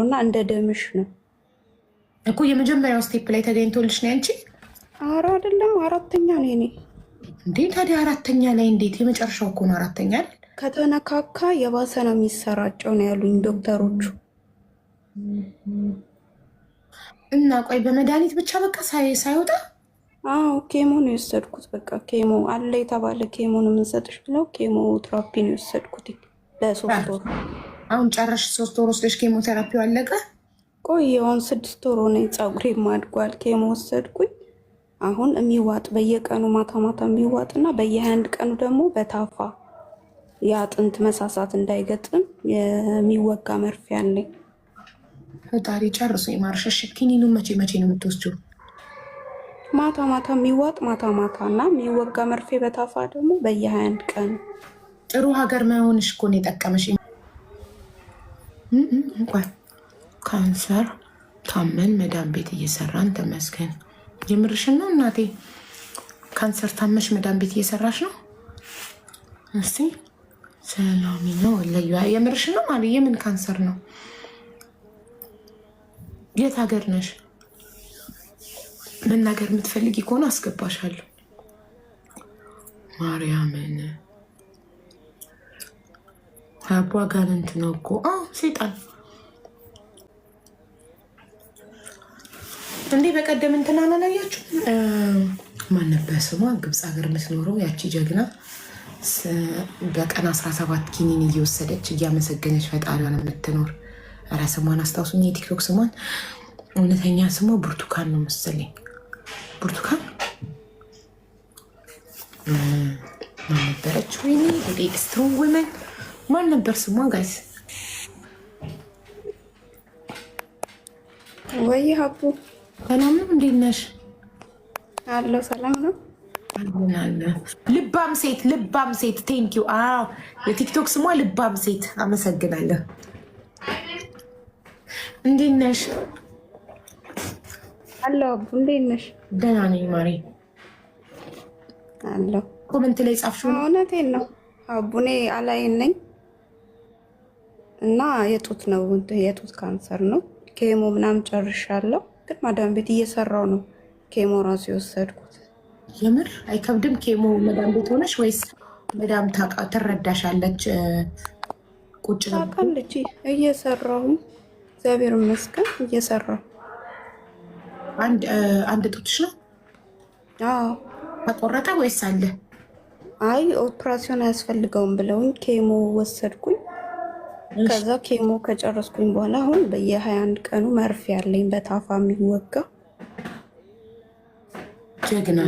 እና እንደ ደምሽ ነው እኮ የመጀመሪያው ስቴፕ ላይ ተገኝቶልሽ ነው አንቺ። አረ አይደለም አራተኛ ነው የእኔ። እንዴ ታዲያ አራተኛ ላይ እንዴት? የመጨረሻው እኮ ነው አራተኛ ከተነካካ የባሰ ነው የሚሰራጨው ነው ያሉኝ ዶክተሮቹ። እና ቆይ በመድኃኒት ብቻ በቃ ሳይወጣ? አዎ ኬሞ ነው የወሰድኩት። በቃ ኬሞ አለ የተባለ ኬሞ ነው የምንሰጥሽ ብለው ኬሞ ትራፒ ነው የወሰድኩት ለሶስት ወር አሁን ጨረሽ? ሶስት ወር ወስደሽ ኬሞቴራፒው አለቀ? ቆይ ቆየውን ስድስት ወር ሆነ። ፀጉሬም አድጓል። ኬሞ ወሰድኩኝ። አሁን የሚዋጥ በየቀኑ ማታ ማታ የሚዋጥ እና በየአንድ ቀኑ ደግሞ በታፋ የአጥንት መሳሳት እንዳይገጥም የሚወጋ መርፌ አለኝ። ፈጣሪ ጨርሶ የማርሸሽ። ኪኒኑን መቼ መቼ ነው የምትወስጂው? ማታ ማታ የሚዋጥ ማታ ማታ እና የሚወጋ መርፌ በታፋ ደግሞ በየ21 ቀኑ። ጥሩ ሀገር መሆንሽ እኮ ነው የጠቀመሽ። እንኳን ካንሰር ታመን መዳን ቤት እየሰራን ተመስገን። የምርሽን ነው እናቴ? ካንሰር ታመሽ መዳን ቤት እየሰራሽ ነው? እስቲ ሰላሚ ነው ለዩ የምርሽ ነው ማለት የምን ካንሰር ነው? የት ሀገር ነሽ? መናገር የምትፈልጊ ከሆነ አስገባሻለሁ። ማርያምን ከአቦ አጋንንት ነው እኮ ሴጣን እንዴ። በቀደም እንትን አላላያችሁ? ማን ነበር ስሟ? ግብፅ ሀገር የምትኖረው ያቺ ጀግና በቀን 17 ኪኒን እየወሰደች እያመሰገነች ፈጣሪዋን የምትኖር ኧረ ስሟን አስታውሱኝ፣ የቲክቶክ ስሟን እውነተኛ ስሟ ብርቱካን ነው መሰለኝ። ብርቱካን ማን ነበረች? ወይኔ ስትሮንግ ወመን ማን ነበር ስሟ? ጋይስ ወይ ሀቡ ሰላም ነው? እንዴት ነሽ? አለው ሰላም ነው። ልባም ሴት ልባም ሴት ቴንክ ዩ። አዎ የቲክቶክ ስሟ ልባም ሴት። አመሰግናለሁ። እንዴት ነሽ? አለው አቡ እንዴት ነሽ? ደህና ነኝ ማሬ። አለው ኮመንት ላይ ጻፍሽ። እውነቴን ነው አቡ እኔ አላይን ነኝ እና የጡት ነው የጡት ካንሰር ነው። ኬሞ ምናምን ጨርሻለሁ፣ ግን ማዳም ቤት እየሰራው ነው። ኬሞ ራሱ የወሰድኩት የምር አይከብድም። ኬሞ መዳም ቤት ሆነች ወይስ መዳም ትረዳሻለች? ቁጭ ታውቃለች። እየሰራሁ እግዚአብሔር ይመስገን እየሰራሁ አንድ ጡትሽ ነው ተቆረጠ ወይስ አለ? አይ ኦፕራሲዮን አያስፈልገውም ብለውኝ ኬሞ ወሰድኩ። ከዛ ኬሞ ከጨረስኩኝ በኋላ አሁን በየ21 ቀኑ መርፌ ያለኝ በታፋ የሚወጋ እና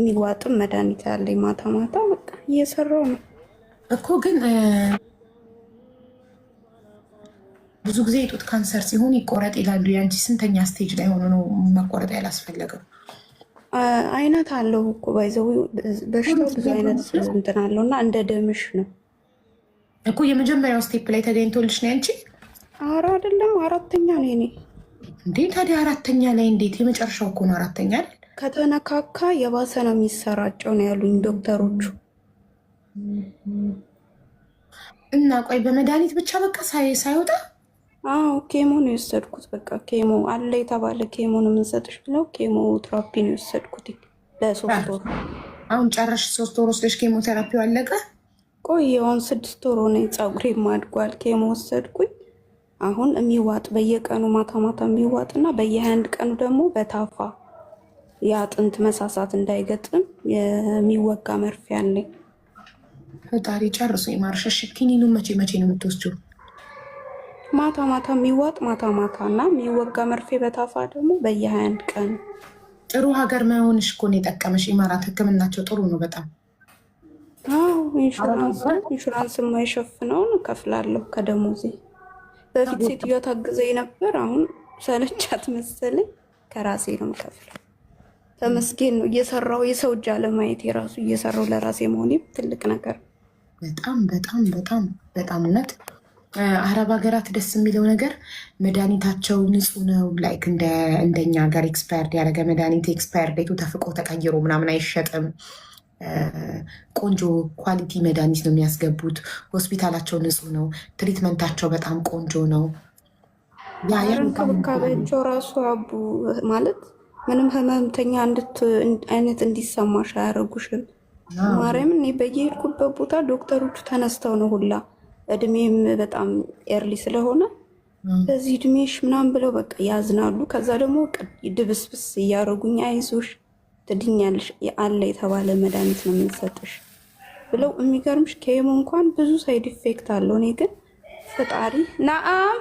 የሚዋጥም መድኃኒት ያለኝ ማታ ማታ በቃ እየሰራው ነው እኮ። ግን ብዙ ጊዜ የጡት ካንሰር ሲሆን ይቆረጥ ይላሉ። የአንቺ ስንተኛ ስቴጅ ላይ ሆኖ ነው መቆረጥ ያላስፈለገው? አይነት አለው እኮ ባይዘው በሽታው ብዙ አይነት እንትን አለው እና እንደ ደምሽ ነው እኮ የመጀመሪያው ስቴፕ ላይ ተገኝቶልሽ ነው ያንቺ? አረ አይደለም፣ አራተኛ ነው ኔ። እንዴ ታዲያ አራተኛ ላይ እንዴት? የመጨረሻው እኮ ነው አራተኛ አይደል? ከተነካካ የባሰ ነው የሚሰራጨው ነው ያሉኝ ዶክተሮቹ። እና ቆይ በመድኃኒት ብቻ በቃ ሳይወጣ? አዎ ኬሞ ነው የወሰድኩት። በቃ ኬሞ አለ የተባለ ኬሞ ነው የምንሰጥሽ ብለው ኬሞ ትራፒ ነው የወሰድኩት ለሶስት ወር። አሁን ጨረሽ? ሶስት ወር ወስደሽ ኬሞቴራፒው አለቀ? ቆይ ቆየውን ስድስት ወር ሆነኝ። ፀጉሬም አድጓል። ኬሞ ወሰድኩኝ። አሁን የሚዋጥ በየቀኑ ማታ ማታ የሚዋጥ የሚዋጥና በየአንድ ቀኑ ደግሞ በታፋ የአጥንት መሳሳት እንዳይገጥም የሚወጋ መርፌ አለኝ። ፈጣሪ ጨርሶ ይማርሸሽ። ኪኒኑ መቼ መቼ ነው የምትወስጂው? ማታ ማታ የሚዋጥ ማታ ማታ እና የሚወጋ መርፌ በታፋ ደግሞ በየሀያ አንድ ቀን። ጥሩ ሀገር መሆንሽ እኮ ነው የጠቀመሽ። ኢማራት ህክምናቸው ጥሩ ነው በጣም አዎ ኢንሹራንስ ኢንሹራንስ የማይሸፍነውን ከፍላለሁ ከደሞዜ። በፊት ሴትዮዋ ታግዘኝ ነበር። አሁን ሰለቻት መሰለኝ ከራሴ ነው የምከፍለው። ተመስገን ነው እየሰራው የሰው እጅ አለማየት የራሱ እየሰራው ለራሴ መሆኔ ትልቅ ነገር በጣም በጣም በጣም በጣም እውነት። አረብ ሀገራት ደስ የሚለው ነገር መድኃኒታቸው ንጹህ ነው። ላይክ እንደኛ ሀገር ኤክስፓየርድ ያደረገ መድኃኒት ኤክስፓየር ዴቱ ተፍቆ ተቀይሮ ምናምን አይሸጥም። ቆንጆ ኳሊቲ መድኃኒት ነው የሚያስገቡት። ሆስፒታላቸው ንጹህ ነው። ትሪትመንታቸው በጣም ቆንጆ ነው። እንክብካቤያቸው ራሱ አቡ ማለት ምንም ህመምተኛ አይነት እንዲሰማሽ አያደርጉሽም። ማርያም እኔ በየሄድኩበት ቦታ ዶክተሮቹ ተነስተው ነው ሁላ እድሜም በጣም ኤርሊ ስለሆነ በዚህ እድሜሽ ምናምን ብለው በቃ ያዝናሉ። ከዛ ደግሞ ድብስብስ እያደረጉኝ አይዞሽ ትድኛለሽ አለ የተባለ መድኃኒት ነው የምንሰጥሽ ብለው የሚገርምሽ ከየሞ እንኳን ብዙ ሳይድ ኢፌክት አለው። እኔ ግን ፈጣሪ ናአም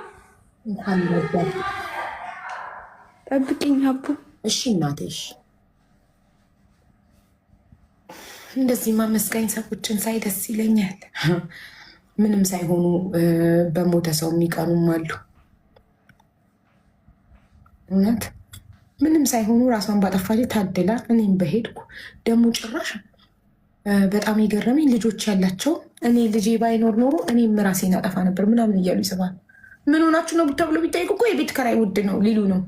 እንኳን ጠብቅኝ አቡ። እሺ እናቴሽ እንደዚህ ማመስገኝ ሰዎችን ሳይ ደስ ይለኛል። ምንም ሳይሆኑ በሞተ ሰው የሚቀኑም አሉ እውነት ምንም ሳይሆኑ ራሷን ባጠፋች ታደላ እኔም በሄድኩ ደግሞ ጭራሽ በጣም የገረመኝ ልጆች ያላቸው እኔ ልጄ ባይኖር ኖሮ እኔም ራሴን አጠፋ ነበር ምናምን እያሉ ይስባል። ምን ሆናችሁ ነው ተብሎ ቢጠይቅ እኮ የቤት ከራይ ውድ ነው ሊሉ ነው።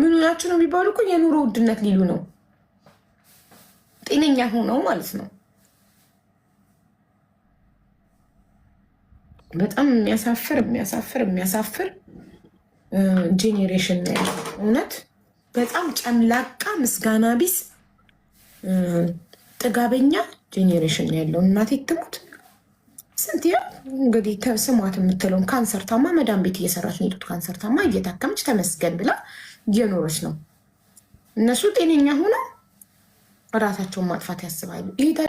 ምን ሆናችሁ ነው የሚባሉ እኮ የኑሮ ውድነት ሊሉ ነው። ጤነኛ ሆነው ማለት ነው። በጣም የሚያሳፍር የሚያሳፍር የሚያሳፍር ጄኔሬሽን ነው ያለው። እውነት በጣም ጨምላቃ፣ ምስጋና ቢስ፣ ጥጋበኛ ጄኔሬሽን ነው ያለው። እናቴ ትሙት ስንት ያው እንግዲህ ስሟት የምትለውን ካንሰር ታማ መዳም ቤት እየሰራች ነው። ካንሰር ታማ እየታከመች ተመስገን ብላ እየኖረች ነው። እነሱ ጤነኛ ሆነው እራሳቸውን ማጥፋት ያስባሉ።